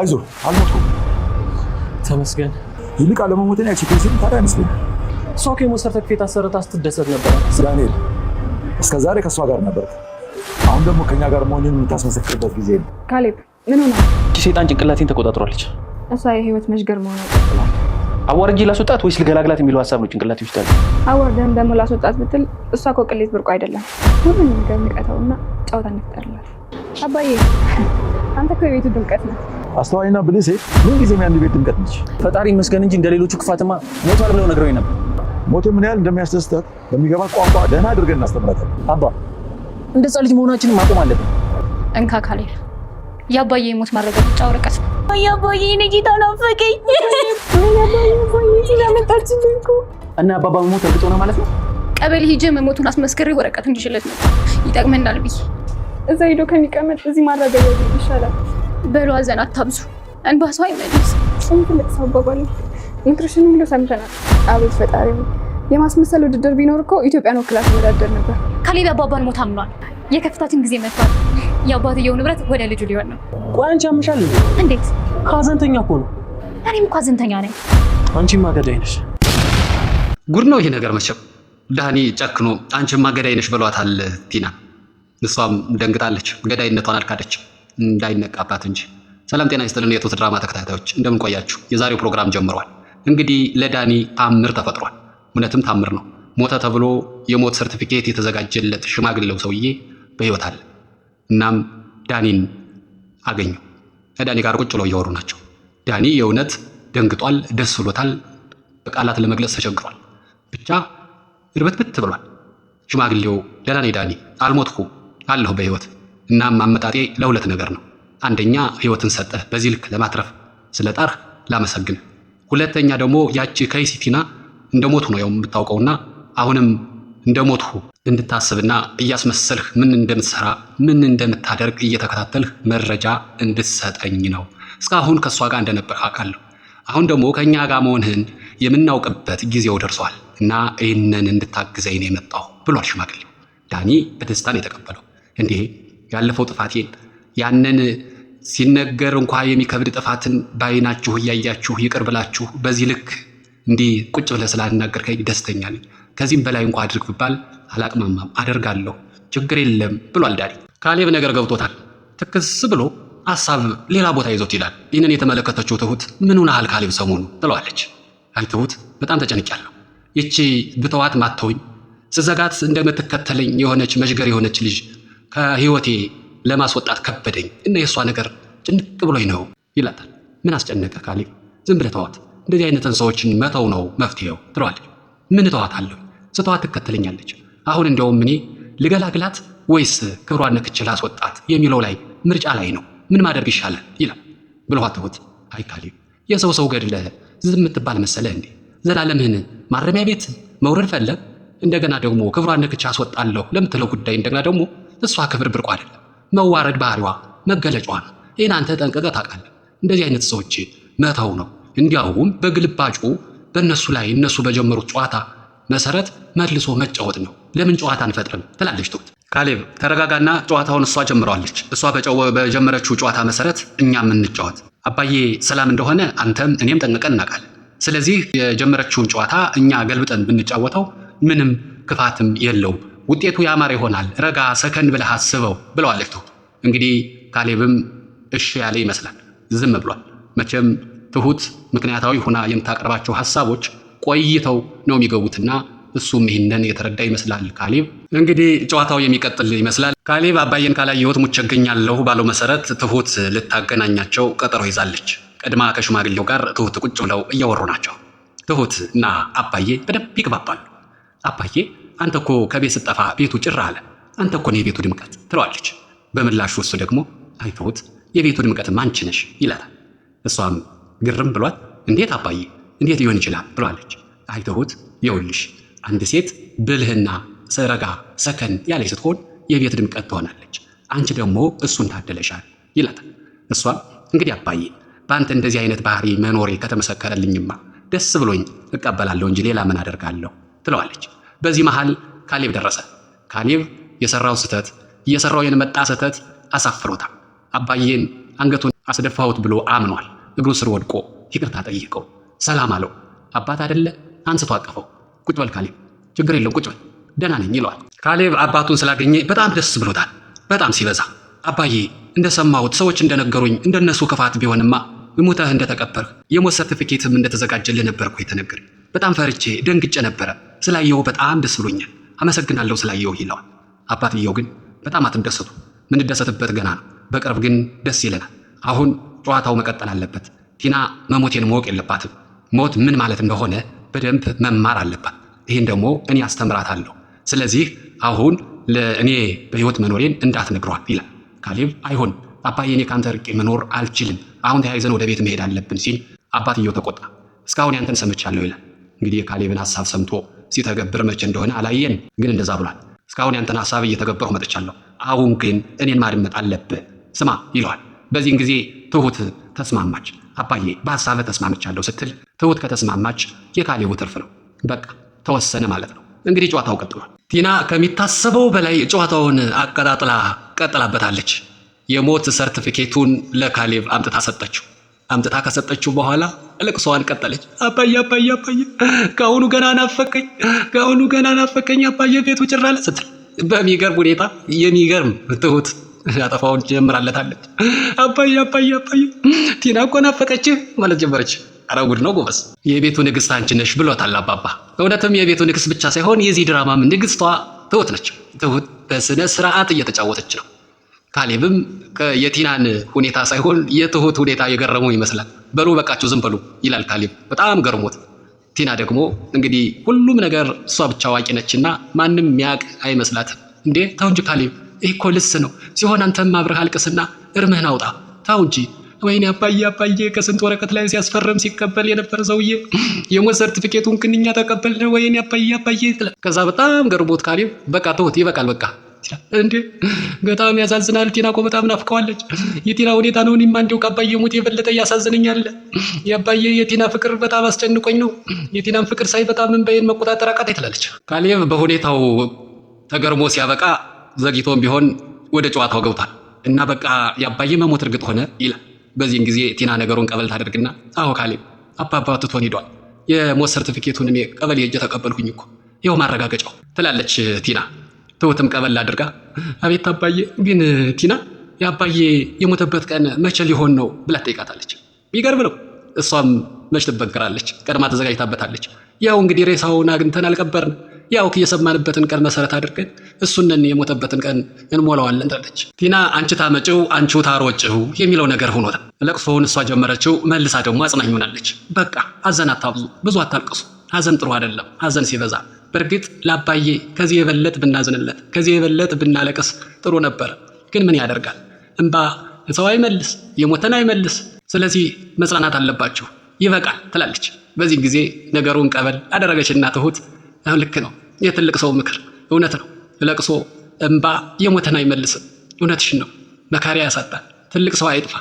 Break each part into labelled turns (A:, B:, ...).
A: አይዞህ አልሞትኩም። ተመስገን። ይልቅ አለመሞቴን ያችክንስል ታዲያ አይመስለኝም።
B: እሷ እኮ የሞት ሰርተፍኬት ስትደሰት ነበር።
A: ዳንኤል፣ እስከ ዛሬ ከእሷ ጋር ነበር፣ አሁን ደግሞ ከእኛ ጋር መሆንን የምታስመሰክርበት ጊዜ ነው።
C: ካሌብ፣ ምን ሆነ?
B: ሴጣን ጭንቅላቴን ተቆጣጥሯለች።
C: እሷ የህይወት መሽገር መሆኗ ቀጥላል።
B: አዋርጄ ላስወጣት ወይስ ልገላግላት የሚለው ሀሳብ ነው ጭንቅላቴ ውስጥ ያለ።
C: አዋርደህም ደግሞ ላስወጣት ብትል እሷ እኮ ቅሌት ብርቁ አይደለም። ሁሉንም ነገር እንቀተውና ጨዋታ እንፍጠርላት። አባዬ፣ አንተ እኮ የቤቱ ድምቀት ነው።
A: አስተዋይና ብልህ ሴት ምንጊዜም የአንድ ቤት ድምቀት ነች።
B: ፈጣሪ ይመስገን እንጂ እንደሌሎቹ ክፋትማ ሞቷል ብለው ነግረውኝ ነበር።
A: ሞት ምን ያህል እንደሚያስደስታት በሚገባ ቋንቋ ደህና አድርገን እናስተምራታለን።
B: አባ እንደዛ ልጅ መሆናችንን ማቆም አለብን።
C: እንካ ካሌብ፣ የአባዬ የሞት ማረጋገጫ ወረቀት ነው።
D: አባዬ ነጌታ ናፈቀኝ።
B: እና አባባ መሞት እርግጦ ነው ማለት ነው።
C: ቀበሌ ሂጄ መሞቱን አስመስክሬ ወረቀት እንዲችለት ነው ይጠቅመናል ብዬ
E: እዛ ሄዶ ከሚቀመጥ እዚህ ማረጋገጥ ይሻላል።
C: በሉ ሐዘን አታብዙ፣ እንባሷ አይመለስ።
E: ስንት ልቅሶ አባባል ምክርሽን የሚለው ሰምተናል። አቤት ፈጣሪ የማስመሰል ውድድር ቢኖር እኮ ኢትዮጵያን ወክላ ትወዳደር ነበር።
C: ካሌብ አባባን ሞት አምኗል። የከፍታችን ጊዜ መጥቷል። የአባትየው ንብረት ወደ ልጁ ሊሆን ነው።
B: ቆይ አንቺ ያምሻል እንዴት? ሐዘንተኛ እኮ ነው።
C: እኔም እኮ ሐዘንተኛ ነኝ።
B: አንቺማ ገዳይ ነሽ። ጉድ ነው ይሄ ነገር መቼም። ዳኒ ጨክኖ አንቺማ ገዳይ ነሽ ብሏታል ቲና። እሷም ደንግጣለች። ገዳይነቷን አልካደችም። እንዳይነቃባት እንጂ። ሰላም ጤና ይስጥልን የትሁት ድራማ ተከታታዮች እንደምን ቆያችሁ? የዛሬው ፕሮግራም ጀምሯል። እንግዲህ ለዳኒ ታምር ተፈጥሯል። እውነትም ታምር ነው። ሞተ ተብሎ የሞት ሰርቲፊኬት የተዘጋጀለት ሽማግሌው ሰውዬ በህይወት አለ። እናም ዳኒን አገኙ። ከዳኒ ጋር ቁጭ ብለው እያወሩ ናቸው። ዳኒ የእውነት ደንግጧል። ደስ ብሎታል። በቃላት ለመግለጽ ተቸግሯል። ብቻ እርብትብት ብሏል። ሽማግሌው ደህና ዳኒ፣ አልሞትኩ አለሁ በህይወት። እናም አመጣጤ ለሁለት ነገር ነው። አንደኛ ህይወትን ሰጠህ፣ በዚህ ልክ ለማትረፍ ስለጣርህ ላመሰግን። ሁለተኛ ደግሞ ያቺ ከይሲቲና እንደ ሞቱ ነው ያው የምታውቀውና አሁንም እንደ ሞትሁ እንድታስብና እያስመሰልህ ምን እንደምትሰራ ምን እንደምታደርግ እየተከታተልህ መረጃ እንድትሰጠኝ ነው። እስካሁን ከእሷ ጋር እንደነበር አውቃለሁ። አሁን ደግሞ ከእኛ ጋር መሆንህን የምናውቅበት ጊዜው ደርሷል እና ይህንን እንድታግዘኝ ነው የመጣሁ ብሏል ሽማግሌው። ዳኒ በደስታ ነው የተቀበለው። እንዲህ ያለፈው ጥፋቴን ያንን ሲነገር እንኳ የሚከብድ ጥፋትን በዓይናችሁ እያያችሁ ይቅር ብላችሁ በዚህ ልክ እንዲህ ቁጭ ብለህ ስላናገርከኝ ደስተኛ ነኝ። ከዚህም በላይ እንኳ አድርግ ብባል አላቅማማም፣ አደርጋለሁ፣ ችግር የለም ብሏል ዳኒ። ካሌብ ነገር ገብቶታል። ትክስ ብሎ ሀሳብ ሌላ ቦታ ይዞት ይላል። ይህንን የተመለከተችው ትሁት ምን ሆነሃል ካሌብ ሰሞኑ ትለዋለች። አይ ትሁት፣ በጣም ተጨንቄያለሁ። ይቺ ብተዋት ማተውኝ ስዘጋት እንደምትከተለኝ የሆነች መዥገር የሆነች ልጅ ከህይወቴ ለማስወጣት ከበደኝ እና የእሷ ነገር ጭንቅ ብሎኝ ነው ይላታል። ምን አስጨነቀ ካሌብ? ዝም ብለህ ተዋት፣ እንደዚህ አይነትን ሰዎችን መተው ነው መፍትሄው ትለዋለች። ምን አለሁ? ስተዋት ትከተለኛለች። አሁን እንደውም እኔ ልገላግላት ወይስ ክብሯን ነክቼ ላስወጣት የሚለው ላይ ምርጫ ላይ ነው። ምን ማድረግ ይሻላል ይላል። ብለዋት ትሁት። አይ ካሌብ፣ የሰው ሰው ገድለህ ዝም የምትባል መሰለህ እንዴ? ዘላለምህን ማረሚያ ቤት መውረድ ፈለግ? እንደገና ደግሞ ክብሯን ነክቼ አስወጣለሁ ለምትለው ጉዳይ እንደገና ደግሞ እሷ ክብር ብርቋ አይደለም፣ መዋረድ ባህሪዋ መገለጫዋ ነው። ይህን አንተ ጠንቅቀህ ታውቃለህ። እንደዚህ አይነት ሰዎች መተው ነው። እንዲያውም በግልባጩ በእነሱ ላይ እነሱ በጀመሩት ጨዋታ መሰረት መልሶ መጫወት ነው። ለምን ጨዋታ አንፈጥርም ትላለች ትሁት። ካሌብ ተረጋጋና፣ ጨዋታውን እሷ ጀምረዋለች። እሷ በጀመረችው ጨዋታ መሰረት እኛም እንጫወት። አባዬ ሰላም እንደሆነ አንተም እኔም ጠንቅቀን እናውቃለን። ስለዚህ የጀመረችውን ጨዋታ እኛ ገልብጠን ብንጫወተው ምንም ክፋትም የለውም። ውጤቱ ያማረ ይሆናል፣ ረጋ ሰከን ብለህ አስበው ብለዋል ልክቱ። እንግዲህ ካሌብም እሺ ያለ ይመስላል፣ ዝም ብሏል። መቼም ትሁት ምክንያታዊ ሆና የምታቀርባቸው ሀሳቦች ቆይተው ነው የሚገቡትና እሱም ይህንን የተረዳ ይመስላል። ካሌብ እንግዲህ ጨዋታው የሚቀጥል ይመስላል። ካሌብ አባዬን ካላየሁት ሙቸገኛለሁ ባለው መሰረት ትሁት ልታገናኛቸው ቀጠሮ ይዛለች። ቀድማ ከሽማግሌው ጋር ትሁት ቁጭ ብለው እያወሩ ናቸው። ትሁት እና አባዬ በደንብ ይግባባሉ። አባዬ አንተ እኮ ከቤት ስጠፋ ቤቱ ጭር አለ፣ አንተ እኮ ነው የቤቱ ድምቀት ትለዋለች። በምላሹ እሱ ደግሞ አይተውት የቤቱ ድምቀት አንቺ ነሽ ይላታል። እሷም ግርም ብሏት እንዴት አባዬ እንዴት ሊሆን ይችላል ብሏለች። አይተውት የውልሽ አንድ ሴት ብልህና ረጋ ሰከን ያለች ስትሆን የቤት ድምቀት ትሆናለች፣ አንቺ ደግሞ እሱን ታደለሻል ይላታል። እሷም እንግዲህ አባዬ በአንተ እንደዚህ አይነት ባህሪ መኖሬ ከተመሰከረልኝማ ደስ ብሎኝ እቀበላለሁ እንጂ ሌላ ምን አደርጋለሁ ትለዋለች። በዚህ መሃል ካሌብ ደረሰ። ካሌብ የሰራው ስህተት እየሰራው የመጣ ስህተት አሳፍሮታል። አባዬን አንገቱን አስደፋሁት ብሎ አምኗል። እግሩ ስር ወድቆ ይቅርታ ጠይቀው ሰላም አለው። አባት አደለ አንስቶ አቀፈው። ቁጭ በል ካሌብ፣ ችግር የለው ቁጭ በል ደህና ነኝ ይለዋል። ካሌብ አባቱን ስላገኘ በጣም ደስ ብሎታል። በጣም ሲበዛ አባዬ እንደሰማሁት ሰዎች እንደነገሩኝ እንደነሱ ክፋት ቢሆንማ ሞተህ እንደተቀበርህ የሞት ሰርቲፊኬትም እንደተዘጋጀልህ ነበርኩ የተነገረኝ። በጣም ፈርቼ ደንግጬ ነበረ። ስላየው በጣም ደስ ብሎኛል፣ አመሰግናለሁ ስላየው ይለዋል። አባትየው ግን በጣም አትደሰቱ፣ ምንደሰትበት ገና ነው፣ በቅርብ ግን ደስ ይለናል። አሁን ጨዋታው መቀጠል አለበት። ቲና መሞቴን ማወቅ የለባትም። ሞት ምን ማለት እንደሆነ በደንብ መማር አለባት። ይህን ደግሞ እኔ አስተምራታለሁ። ስለዚህ አሁን ለእኔ በህይወት መኖሬን እንዳትነግሯት ይላል። ካሌብ አይሆን አባዬ፣ እኔ ካንተ ርቄ መኖር አልችልም። አሁን ተያይዘን ወደ ቤት መሄድ አለብን ሲል አባትየው ተቆጣ። እስካሁን ያንተን ሰምቻለሁ ይላል። እንግዲህ የካሌብን ሀሳብ ሰምቶ ሲተገብር መቼ እንደሆነ አላየን፣ ግን እንደዛ ብሏል። እስካሁን ያንተን ሀሳብ እየተገበርሁ መጥቻለሁ። አሁን ግን እኔን ማድመጥ አለብህ፣ ስማ ይለዋል። በዚህን ጊዜ ትሁት ተስማማች። አባዬ በሀሳብህ ተስማምቻለሁ ስትል ትሁት ከተስማማች የካሌቡ ትርፍ ነው። በቃ ተወሰነ ማለት ነው። እንግዲህ ጨዋታው ቀጥሏል። ቲና ከሚታሰበው በላይ ጨዋታውን አቀጣጥላ ቀጥላበታለች። የሞት ሰርቲፊኬቱን ለካሌብ አምጥታ ሰጠችው። አምጥታ ከሰጠችው በኋላ ልቅሶዋን ቀጠለች። አባዬ አባዬ አባዬ ከአሁኑ ገና ናፈቀኝ፣ ከአሁኑ ገና ናፈቀኝ አባዬ ቤቱ ጭራ አለ ስትል በሚገርም ሁኔታ የሚገርም ትሁት አጠፋውን ጀምራለታለች። አባዬ አባዬ አባዬ ቲና እኮ ናፈቀችህ ማለት ጀመረች። ኧረ ጉድ ነው ጎበዝ፣ የቤቱ ንግስት አንቺ ነሽ ብሎታል አባባ። እውነትም የቤቱ ንግስት ብቻ ሳይሆን የዚህ ድራማም ንግስቷ ትሁት ነች። ትሁት በስነ ስርዓት እየተጫወተች ነው። ካሌብም የቲናን ሁኔታ ሳይሆን የትሁት ሁኔታ የገረመው ይመስላል። በሉ በቃችሁ፣ ዝም በሉ ይላል ካሌብ በጣም ገርሞት። ቲና ደግሞ እንግዲህ ሁሉም ነገር እሷ ብቻ አዋቂ ነችና ማንም ሚያቅ አይመስላትም። እንዴ ተው እንጂ ካሌብ፣ ይህ እኮ ልስ ነው ሲሆን አንተም አብረህ አልቅስና እርምህን አውጣ። ተው እንጂ ወይኔ አባዬ አባዬ፣ ከስንት ወረቀት ላይ ሲያስፈርም ሲቀበል የነበረ ሰውዬ የሞት ሰርቲፊኬቱን ክንኛ ተቀበልን። ወይኔ አባዬ አባዬ። ከዛ በጣም ገርቦት ካሌብ በቃ ትሁት ይበቃል፣ በቃ እንዴ በጣም ያሳዝናል። ቲና እኮ በጣም ናፍቀዋለች። የቲና ሁኔታ ነው እኔማ እንዲሁ ከአባዬ ሞት የበለጠ እያሳዝነኛል። የአባዬ የቲና ፍቅር በጣም አስጨንቆኝ ነው። የቲናን ፍቅር ሳይ በጣም እንባዬን መቆጣጠር አቃተኝ ትላለች። ካሌብ በሁኔታው ተገርሞ ሲያበቃ ዘግይቶም ቢሆን ወደ ጨዋታው ገብቷል እና በቃ የአባዬ መሞት እርግጥ ሆነ ይላል። በዚህን ጊዜ ቲና ነገሩን ቀበል ታደርግና አዎ ካሌብ አባባ ትቶን ሂዷል። የሞት ሰርቲፊኬቱን እኔ ቀበሌ ሄጄ ተቀበልኩኝ እኮ ይኸው ማረጋገጫው ትላለች ቲና ትሁትም ቀበል አድርጋ አቤት አባዬ፣ ግን ቲና የአባዬ የሞተበት ቀን መቼ ሊሆን ነው ብላ ትጠይቃታለች። ይገርም ነው እሷም መች ትበግራለች፣ ቀድማ ተዘጋጅታበታለች። ያው እንግዲህ ሬሳውን አግኝተን አልቀበርን፣ ያው የሰማንበትን ቀን መሰረት አድርገን እሱንን የሞተበትን ቀን እንሞላዋለን ትላለች ቲና። አንቺ ታመጪው አንቺው ታሮጭው የሚለው ነገር ሆኖ ለቅሶውን እሷ ጀመረችው፣ መልሳ ደግሞ አጽናኝ ሆናለች። በቃ ሀዘን አታብዙ፣ ብዙ አታልቅሱ፣ ሀዘን ጥሩ አይደለም፣ ሀዘን ሲበዛ በእርግጥ ለአባዬ ከዚህ የበለጥ ብናዝንለት፣ ከዚህ የበለጥ ብናለቅስ ጥሩ ነበር። ግን ምን ያደርጋል፣ እምባ ሰው አይመልስ፣ የሞተን አይመልስ። ስለዚህ መጽናናት አለባችሁ፣ ይበቃል ትላለች። በዚህ ጊዜ ነገሩን ቀበል አደረገችና ትሁት ልክ ነው፣ የትልቅ ሰው ምክር እውነት ነው። ለቅሶ እምባ የሞተን አይመልስም። እውነትሽን ነው፣ መካሪያ ያሳጣል። ትልቅ ሰው አይጥፋ።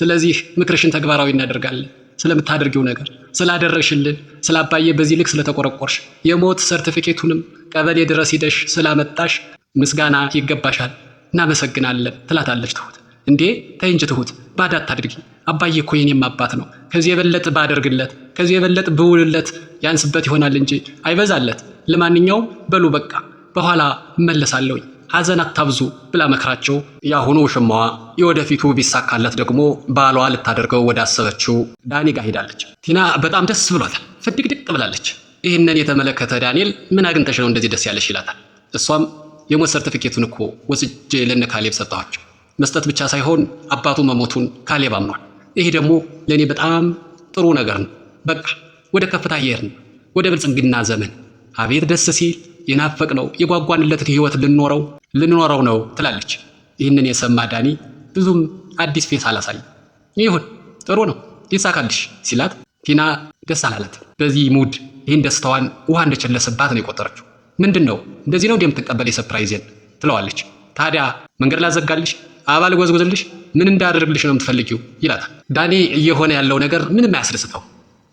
B: ስለዚህ ምክርሽን ተግባራዊ እናደርጋለን። ስለምታደርጊው ነገር ስላደረሽልን ስላባዬ በዚህ ልክ ስለተቆረቆርሽ የሞት ሰርቲፊኬቱንም ቀበሌ ድረስ ሂደሽ ስላመጣሽ ምስጋና ይገባሻል፣ እናመሰግናለን ትላታለች ትሁት። እንዴ ተይንጅ ትሁት፣ ባዳ አታድርጊ። አባዬ እኮ የኔም አባት ነው። ከዚህ የበለጥ ባደርግለት፣ ከዚህ የበለጥ ብውልለት ያንስበት ይሆናል እንጂ አይበዛለት። ለማንኛውም በሉ በቃ በኋላ እመለሳለሁኝ ሐዘን አታብዙ ብላ መክራቸው የአሁኑ ውሽማዋ የወደፊቱ ቢሳካለት ደግሞ ባሏ ልታደርገው ወዳሰበችው ዳኒ ጋር ሄዳለች። ቲና በጣም ደስ ብሏታል፣ ፍድቅድቅ ብላለች። ይህንን የተመለከተ ዳንኤል ምን አግኝተሽ ነው እንደዚህ ደስ ያለሽ ይላታል። እሷም የሞት ሰርቲፊኬቱን እኮ ወስጄ ለነ ካሌብ ሰጠኋቸው። መስጠት ብቻ ሳይሆን አባቱ መሞቱን ካሌብ አምኗል። ይሄ ደግሞ ለእኔ በጣም ጥሩ ነገር ነው። በቃ ወደ ከፍታ ነው፣ ወደ ብልጽግና ዘመን። አቤት ደስ ሲል የናፈቅ ነው የጓጓንለት ህይወት ልንኖረው ልንኖረው ነው ትላለች። ይህንን የሰማ ዳኒ ብዙም አዲስ ፌስ አላሳይ ይሁን ጥሩ ነው ይሳካልሽ ሲላት ቲና ደስ አላለት። በዚህ ሙድ ይህን ደስታዋን ውሃ እንደቸለሰባት ነው የቆጠረችው። ምንድን ነው እንደዚህ ነው እንደምትቀበል የሰፕራይዜን ትለዋለች። ታዲያ መንገድ ላዘጋልሽ፣ አበባ ልጎዝጉዝልሽ፣ ምን እንዳደርግልሽ ነው የምትፈልጊው ይላታል። ዳኒ እየሆነ ያለው ነገር ምንም አያስደስተው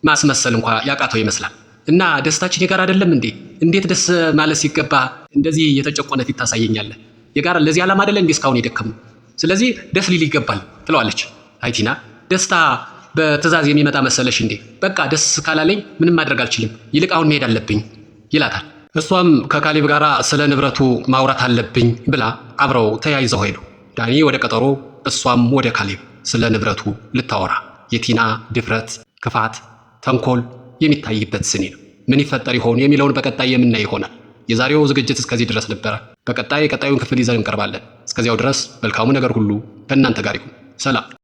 B: ማስመሰል እንኳ ያቃተው ይመስላል። እና ደስታችን የጋራ አይደለም እንዴ እንዴት ደስ ማለት ሲገባ እንደዚህ የተጨቆነ ፊት ታሳየኛለህ? የጋራ ለዚህ ዓላማ አደለ እንዴ እስካሁን የደከሙ? ስለዚህ ደስ ሊል ይገባል ትለዋለች አይቲና። ደስታ በትዕዛዝ የሚመጣ መሰለሽ እንዴ? በቃ ደስ ካላለኝ ምንም ማድረግ አልችልም፣ ይልቅ አሁን መሄድ አለብኝ ይላታል። እሷም ከካሊብ ጋር ስለ ንብረቱ ማውራት አለብኝ ብላ አብረው ተያይዘው ሄዱ። ዳኒ ወደ ቀጠሮ፣ እሷም ወደ ካሊብ ስለ ንብረቱ ልታወራ። የቲና ድፍረት፣ ክፋት፣ ተንኮል የሚታይበት ስኒ ነው። ምን ይፈጠር ይሆን የሚለውን በቀጣይ የምናይ ይሆናል። የዛሬው ዝግጅት እስከዚህ ድረስ ነበረ። በቀጣይ ቀጣዩን ክፍል ይዘን እንቀርባለን። እስከዚያው ድረስ መልካሙ ነገር ሁሉ ከእናንተ ጋር ይሁን። ሰላም።